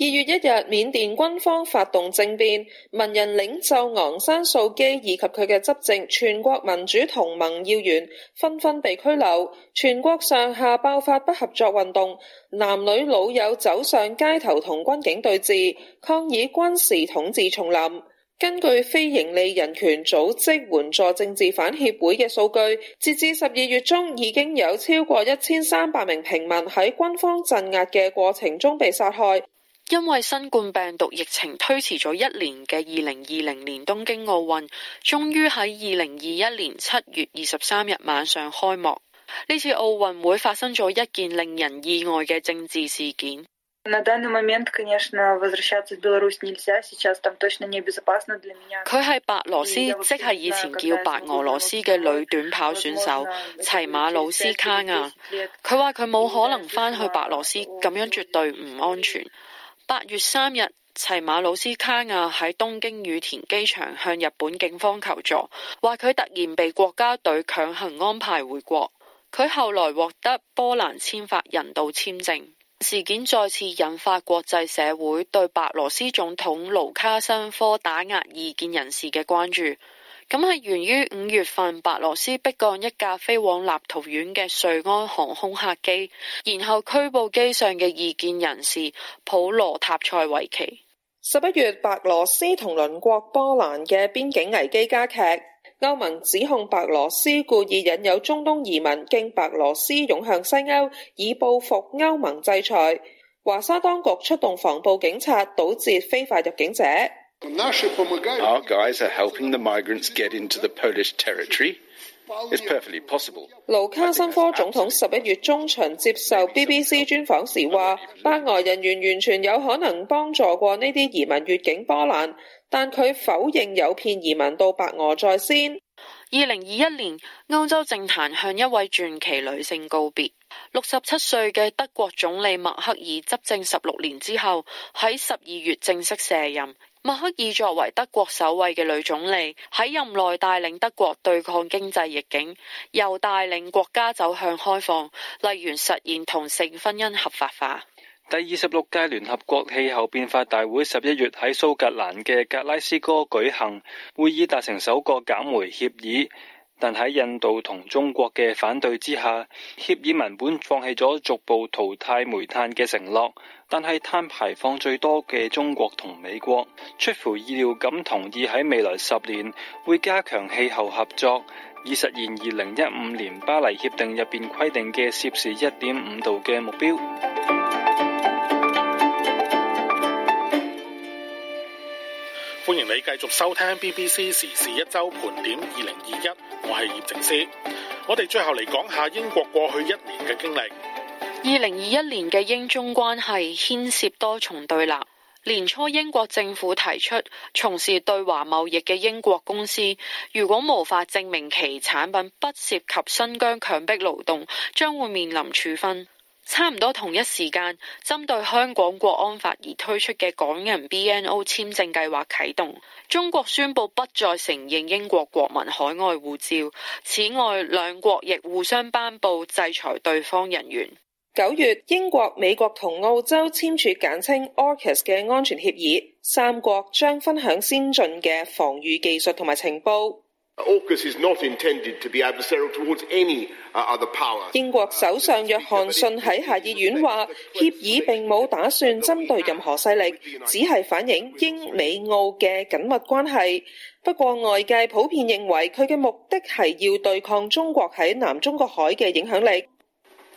二月一日，緬甸軍方發動政變，文人領袖昂山素基以及佢嘅執政全國民主同盟要員紛紛被拘留。全國上下爆發不合作運動，男女老友走上街頭同軍警對峙，抗議軍事統治重臨。根據非盈利人權組織援助政治反協會嘅數據，截至十二月中，已經有超過一千三百名平民喺軍方鎮壓嘅過程中被殺害。因為新冠病毒疫情推遲咗一年嘅二零二零年東京奧運，終於喺二零二一年七月二十三日晚上開幕。呢次奧運會發生咗一件令人意外嘅政治事件。佢係白羅斯，即係以前叫白俄羅斯嘅女短跑選手齊馬魯斯卡亞。佢話佢冇可能返去白羅斯，咁樣絕對唔安全。八月三日，齊馬魯斯卡亞喺東京羽田機場向日本警方求助，話佢突然被國家隊強行安排回國。佢後來獲得波蘭簽發人道簽證。事件再次引發國際社會對白羅斯總統盧卡申科打壓異見人士嘅關注。咁係源於五月份白羅斯迫降一架飛往立陶宛嘅瑞安航空客機，然後拘捕機上嘅異見人士普羅塔塞維奇。十一月，白羅斯同鄰國波蘭嘅邊境危機加劇，歐盟指控白羅斯故意引誘中東移民經白羅斯湧向西歐，以報復歐盟制裁。華沙當局出動防暴警察，堵截非法入境者。盧卡申科總統十一月中旬接受 BBC 專訪時話，白俄人員完全有可能幫助過呢啲移民越境波蘭，但佢否認有騙移民到白俄在先。二零二一年，歐洲政壇向一位傳奇女性告別。六十七歲嘅德國總理默克爾執政十六年之後，喺十二月正式卸任。默克爾作為德國首位嘅女總理，喺任內帶領德國對抗經濟逆境，又帶領國家走向開放，例如實現同性婚姻合法化。第二十六屆聯合國氣候變化大會十一月喺蘇格蘭嘅格拉斯哥舉行，會議達成首個減煤協議，但喺印度同中國嘅反對之下，協議文本放棄咗逐步淘汰煤炭嘅承諾。但係碳排放最多嘅中國同美國出乎意料咁同意喺未來十年會加強氣候合作，以實現二零一五年巴黎協定入邊規定嘅攝氏一點五度嘅目標。歡迎你繼續收聽 BBC 時事一周盤點二零二一，我係葉靜思。我哋最後嚟講下英國過去一年嘅經歷。二零二一年嘅英中關係牽涉多重對立。年初，英國政府提出，從事對華貿易嘅英國公司如果無法證明其產品不涉及新疆強迫勞動，將會面臨處分。差唔多同一時間，針對香港國安法而推出嘅港人 BNO 簽證計劃啟動。中國宣布不再承認英國國民海外護照。此外，兩國亦互相頒布制裁對方人員。九月，英國、美國同澳洲簽署簡稱 AUKUS 嘅安全協議，三國將分享先進嘅防御技術同埋情報。英國首相約翰遜喺下議院話，協議並冇打算針對任何勢力，只係反映英美澳嘅緊密關係。不過外界普遍認為，佢嘅目的係要對抗中國喺南中國海嘅影響力。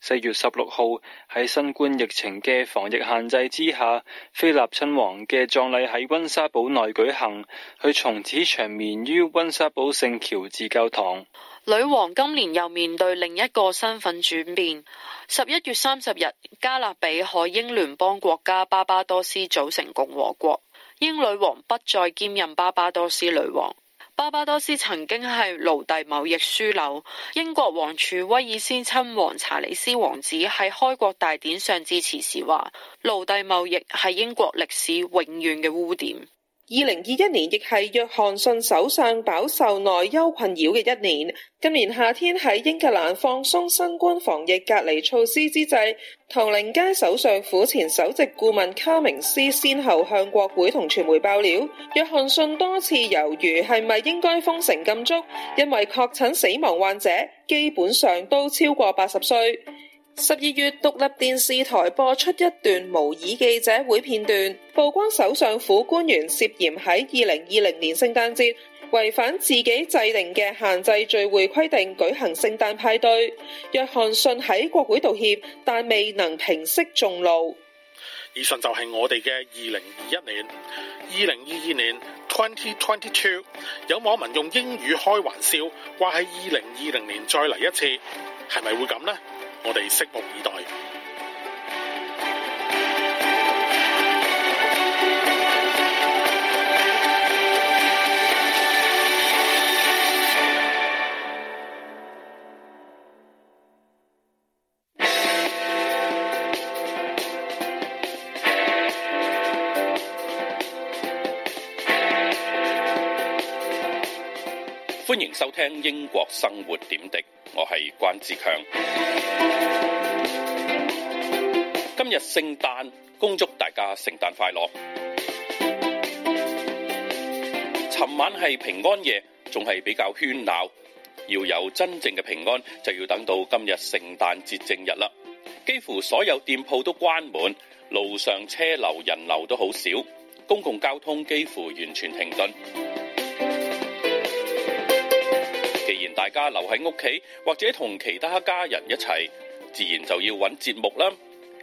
四月十六號喺新冠疫情嘅防疫限制之下，菲立親王嘅葬禮喺温莎堡內舉行，佢從此長眠於温莎堡聖喬治教堂。女王今年又面對另一個身份轉變。十一月三十日，加勒比海英聯邦國家巴巴多斯組成共和國，英女王不再兼任巴巴多斯女王。巴巴多斯曾經係奴隸貿易樞紐，英國王儲威爾斯親王查理斯王子喺開國大典上致辭時話：奴隸貿易係英國歷史永遠嘅污點。二零二一年亦係約翰遜首相飽受內憂困擾嘅一年。今年夏天喺英格蘭放鬆新冠防疫隔離措施之際，唐寧街首相府前首席顧問卡明斯先後向國會同傳媒爆料，約翰遜多次猶豫係咪應該封城禁足，因為確診死亡患者基本上都超過八十歲。十二月，獨立電視台播出一段模擬記者會片段，曝光首相府官員涉嫌喺二零二零年聖誕節違反自己制定嘅限制聚會規定舉行聖誕派對。約翰遜喺國會道歉，但未能平息眾怒。以上就係我哋嘅二零二一年，二零二二年 twenty twenty two。有網民用英語開玩笑，話喺二零二零年再嚟一次，係咪會咁呢？」我哋拭目以待。歡迎收聽英國生活點滴，我係關志強。今日聖誕，恭祝大家聖誕快樂！尋晚係平安夜，仲係比較喧鬧。要有真正嘅平安，就要等到今日聖誕節正日啦。幾乎所有店鋪都關門，路上車流人流都好少，公共交通幾乎完全停頓。大家留喺屋企或者同其他家人一齊，自然就要揾節目啦。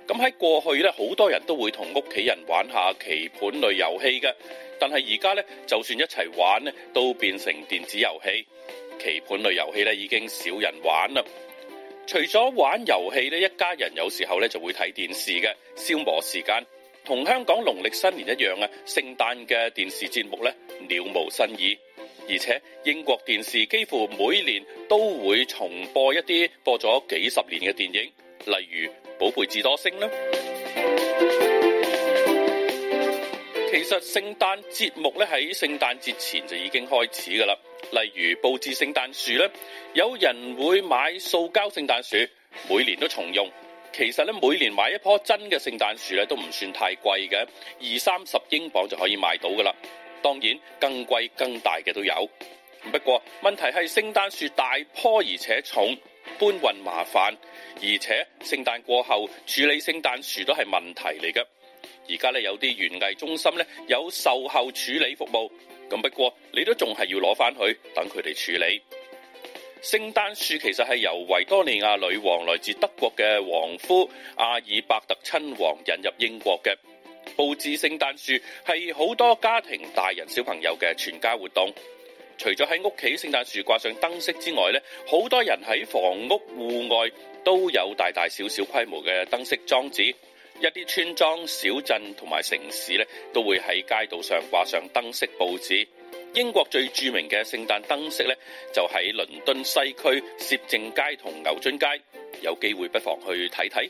咁喺過去咧，好多人都會同屋企人玩下棋盤類遊戲嘅。但係而家咧，就算一齊玩咧，都變成電子遊戲。棋盤類遊戲咧，已經少人玩啦。除咗玩遊戲咧，一家人有時候咧就會睇電視嘅，消磨時間。同香港農曆新年一樣啊，聖誕嘅電視節目咧，了無新意。而且英國電視幾乎每年都會重播一啲播咗幾十年嘅電影，例如《寶貝智多星》啦。其實聖誕節目咧喺聖誕節前就已經開始噶啦，例如佈置聖誕樹咧，有人會買塑膠聖誕樹，每年都重用。其實咧，每年買一棵真嘅聖誕樹咧都唔算太貴嘅，二三十英鎊就可以買到噶啦。當然，更貴更大嘅都有。不過問題係聖誕樹大棵而且重，搬運麻煩，而且聖誕過後處理聖誕樹都係問題嚟嘅。而家咧有啲園藝中心咧有售後處理服務。咁不過你都仲係要攞翻去等佢哋處理。聖誕樹其實係由維多利亞女王來自德國嘅皇夫阿爾伯特親王引入英國嘅。佈置聖誕樹係好多家庭大人小朋友嘅全家活動。除咗喺屋企聖誕樹掛上燈飾之外咧，好多人喺房屋戶外都有大大小小規模嘅燈飾裝置。一啲村莊、小鎮同埋城市咧，都會喺街道上掛上燈飾佈置。英國最著名嘅聖誕燈飾咧，就喺倫敦西區攝政街同牛津街，有機會不妨去睇睇。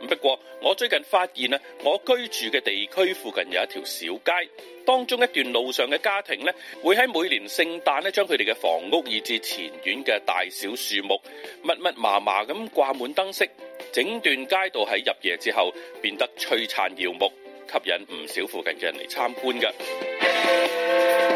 不過，我最近發現啊，我居住嘅地區附近有一條小街，當中一段路上嘅家庭呢，會喺每年聖誕呢，將佢哋嘅房屋以至前院嘅大小樹木密密麻麻咁掛滿燈飾，整段街道喺入夜之後變得璀璨耀目，吸引唔少附近嘅人嚟參觀㗎。Yeah.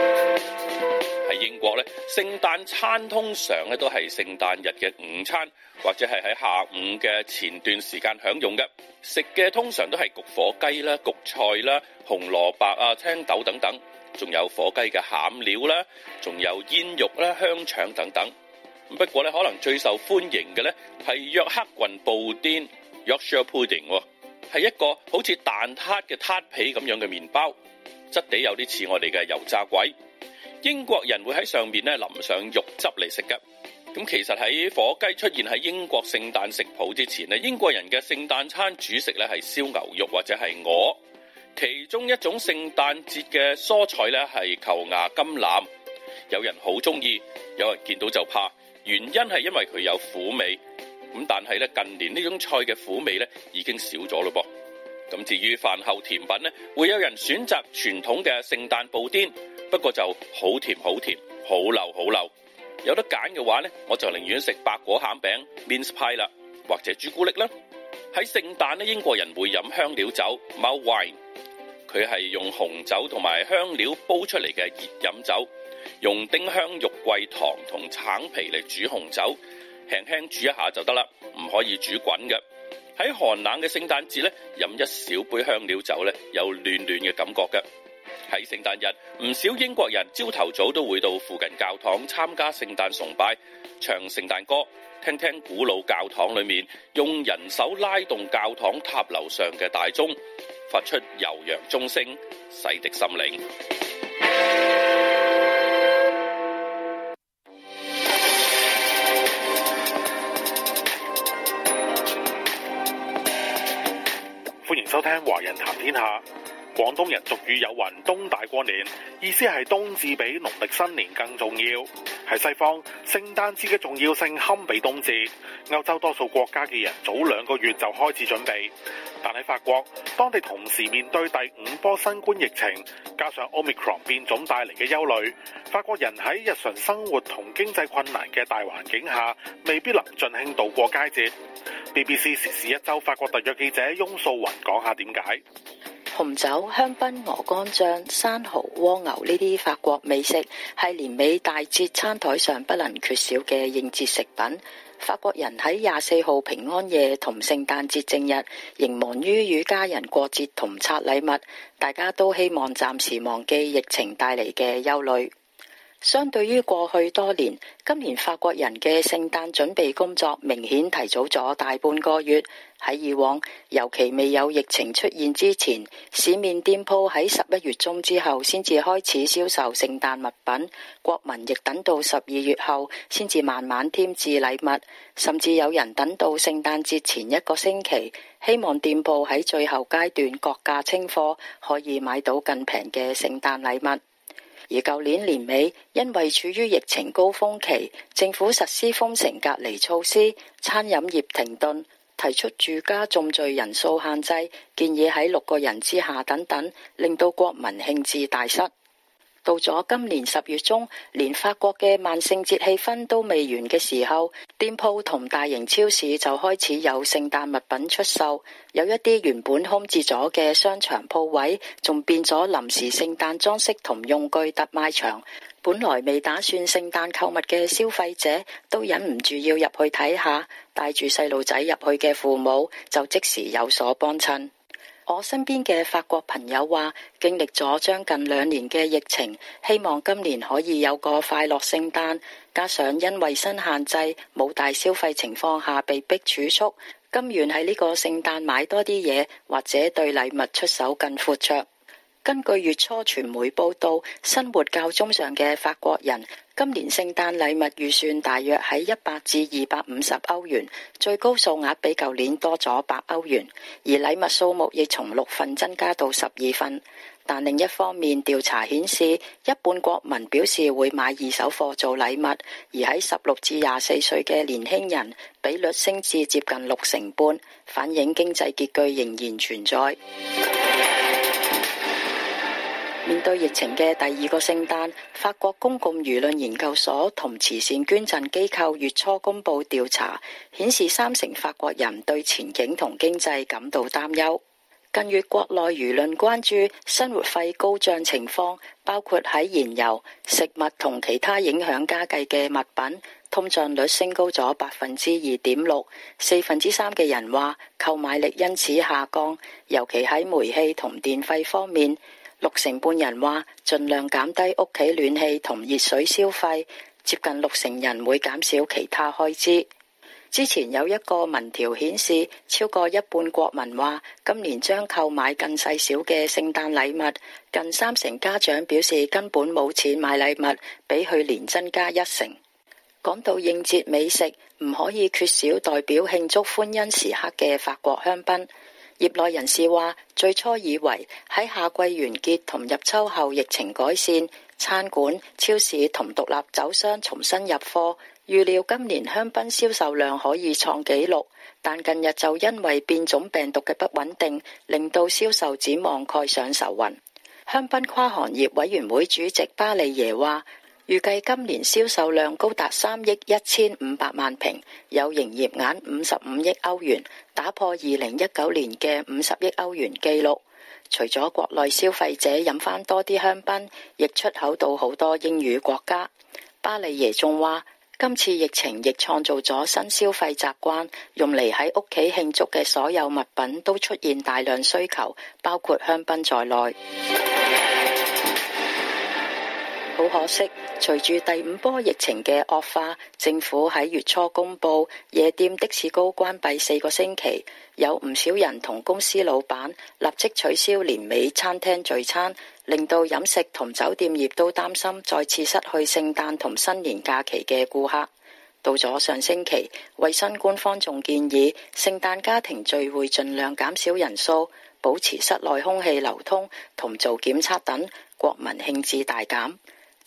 國咧，聖誕餐通常咧都係聖誕日嘅午餐，或者係喺下午嘅前段時間享用嘅。食嘅通常都係焗火雞啦、焗菜啦、紅蘿蔔啊、青豆等等，仲有火雞嘅餡料啦，仲有煙肉啦、香腸等等。不過咧，可能最受歡迎嘅咧係約克郡布甸 （Yorkshire pudding） 喎，係一個好似蛋撻嘅撻皮咁樣嘅麵包，質地有啲似我哋嘅油炸鬼。英國人會喺上面咧淋上肉汁嚟食嘅，咁其實喺火雞出現喺英國聖誕食譜之前咧，英國人嘅聖誕餐主食咧係燒牛肉或者係鵝，其中一種聖誕節嘅蔬菜咧係球芽甘藍，有人好中意，有人見到就怕，原因係因為佢有苦味，咁但係咧近年呢種菜嘅苦味咧已經少咗咯噃。咁至於飯後甜品咧，會有人選擇傳統嘅聖誕布甸，不過就好甜好甜，好流好流。有得揀嘅話咧，我就寧願食百果餡餅 mince pie 啦，或者朱古力啦。喺聖誕咧，英國人會飲香料酒 malt wine，佢係用紅酒同埋香料煲出嚟嘅熱飲酒，用丁香、肉桂糖同橙皮嚟煮紅酒，輕輕煮一下就得啦，唔可以煮滾嘅。喺寒冷嘅聖誕節咧，飲一小杯香料酒咧，有暖暖嘅感覺嘅。喺聖誕日，唔少英國人朝頭早都會到附近教堂參加聖誕崇拜，唱聖誕歌，聽聽古老教堂裏面用人手拉動教堂塔樓上嘅大鐘，發出悠揚鐘聲，洗滌心靈。收聽華人談天下。廣東人俗語有云：冬大過年，意思係冬至比農曆新年更重要。喺西方，聖誕節嘅重要性堪比冬至。歐洲多數國家嘅人早兩個月就開始準備，但喺法國，當地同時面對第五波新冠疫情，加上 Omicron 變種帶嚟嘅憂慮，法國人喺日常生活同經濟困難嘅大環境下，未必能盡興度過佳節。BBC 時事一周法國特約記者翁素雲講下點解。紅酒、香檳、鵝肝醬、生蠔、蝸牛呢啲法國美食係年尾大節餐檯上不能缺少嘅應節食品。法國人喺廿四號平安夜同聖誕節正日，仍忙於與家人過節同拆禮物，大家都希望暫時忘記疫情帶嚟嘅憂慮。相對於過去多年，今年法國人嘅聖誕準備工作明顯提早咗大半個月。喺以往，尤其未有疫情出現之前，市面店鋪喺十一月中之後先至開始銷售聖誕物品。國民亦等到十二月後先至慢慢添置禮物，甚至有人等到聖誕節前一個星期，希望店鋪喺最後階段割價清貨，可以買到更平嘅聖誕禮物。而舊年年尾，因為處於疫情高峰期，政府實施封城隔離措施，餐飲業停頓。提出住家群聚人數限制，建議喺六個人之下等等，令到國民興致大失。到咗今年十月中，連法國嘅萬聖節氣氛都未完嘅時候，店鋪同大型超市就開始有聖誕物品出售。有一啲原本空置咗嘅商場鋪位，仲變咗臨時聖誕裝飾同用具特賣場。本來未打算聖誕購物嘅消費者，都忍唔住要入去睇下。帶住細路仔入去嘅父母，就即時有所幫襯。我身邊嘅法國朋友話：經歷咗將近兩年嘅疫情，希望今年可以有個快樂聖誕。加上因為衞生限制，冇大消費情況下，被迫儲蓄，甘願喺呢個聖誕買多啲嘢，或者對禮物出手更闊綽。根據月初傳媒報道，生活較中上嘅法國人今年聖誕禮物預算大約喺一百至二百五十歐元，最高數額比舊年多咗百歐元，而禮物數目亦從六份增加到十二份。但另一方面，調查顯示一半國民表示會買二手貨做禮物，而喺十六至廿四歲嘅年輕人比率升至接近六成半，反映經濟拮據仍然存在。面對疫情嘅第二個聖誕，法國公共輿論研究所同慈善捐贈機構月初公布調查，顯示三成法國人對前景同經濟感到擔憂。近月國內輿論關注生活費高漲情況，包括喺燃油、食物同其他影響家計嘅物品，通脹率升高咗百分之二點六，四分之三嘅人話購買力因此下降，尤其喺煤氣同電費方面。六成半人話盡量減低屋企暖氣同熱水消費，接近六成人會減少其他開支。之前有一個民調顯示，超過一半國民話今年將購買更細小嘅聖誕禮物，近三成家長表示根本冇錢買禮物，比去年增加一成。講到應節美食，唔可以缺少代表慶祝歡欣時刻嘅法國香檳。業內人士話：最初以為喺夏季完結同入秋後疫情改善，餐館、超市同獨立酒商重新入貨，預料今年香檳銷售量可以創紀錄。但近日就因為變種病毒嘅不穩定，令到銷售展望蓋上愁雲。香檳跨行業委員會主席巴利耶話。預計今年銷售量高達三億一千五百萬瓶，有營業額五十五億歐元，打破二零一九年嘅五十億歐元紀錄。除咗國內消費者飲返多啲香檳，亦出口到好多英語國家。巴利耶仲話：今次疫情亦創造咗新消費習慣，用嚟喺屋企慶祝嘅所有物品都出現大量需求，包括香檳在內。好可惜，隨住第五波疫情嘅惡化，政府喺月初公布夜店的士高關閉四個星期，有唔少人同公司老闆立即取消年尾餐廳聚餐，令到飲食同酒店業都擔心再次失去聖誕同新年假期嘅顧客。到咗上星期，衛生官方仲建議聖誕家庭聚會盡量減少人數，保持室內空氣流通同做檢測等，國民興致大減。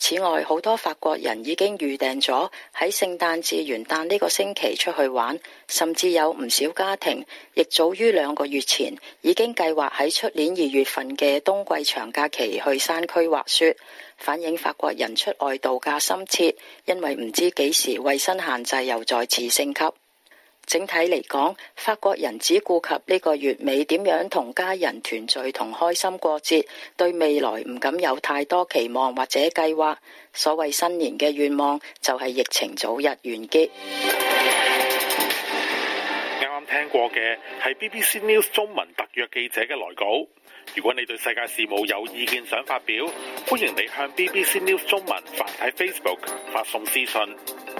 此外，好多法國人已經預訂咗喺聖誕節元旦呢個星期出去玩，甚至有唔少家庭亦早於兩個月前已經計劃喺出年二月份嘅冬季長假期去山區滑雪，反映法國人出外度假心切，因為唔知幾時衞生限制又再次升級。整體嚟講，法國人只顧及呢個月尾點樣同家人團聚同開心過節，對未來唔敢有太多期望或者計劃。所謂新年嘅願望，就係疫情早日完結。啱聽過嘅係 BBC News 中文特約記者嘅來稿。如果你對世界事務有意見想發表，歡迎你向 BBC News 中文繁體 Facebook 發送私信。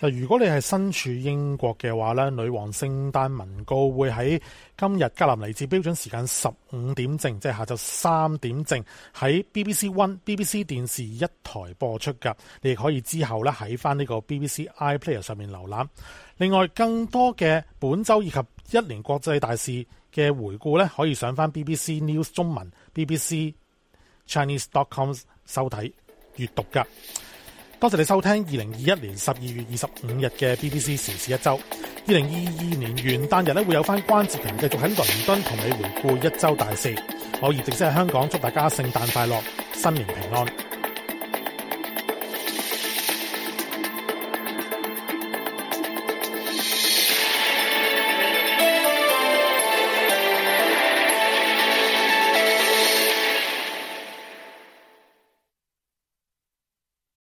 嗱，如果你係身處英國嘅話咧，女王聖誕文告會喺今日格林尼治標準時間十五點正，即係下晝三點正喺 BBC One、1, BBC 電視一台播出噶。你亦可以之後咧喺翻呢個 BBC iPlayer 上面瀏覽。另外，更多嘅本周以及一年國際大事嘅回顧咧，可以上翻 BBC News 中文、BBC Chinese dot com 收睇、閱讀噶。多謝你收聽二零二一年十二月二十五日嘅 BBC 時事一周。二零二二年元旦日咧會有翻關捷平繼續喺倫敦同你回顧一周大事。我而直接喺香港，祝大家聖誕快樂，新年平安。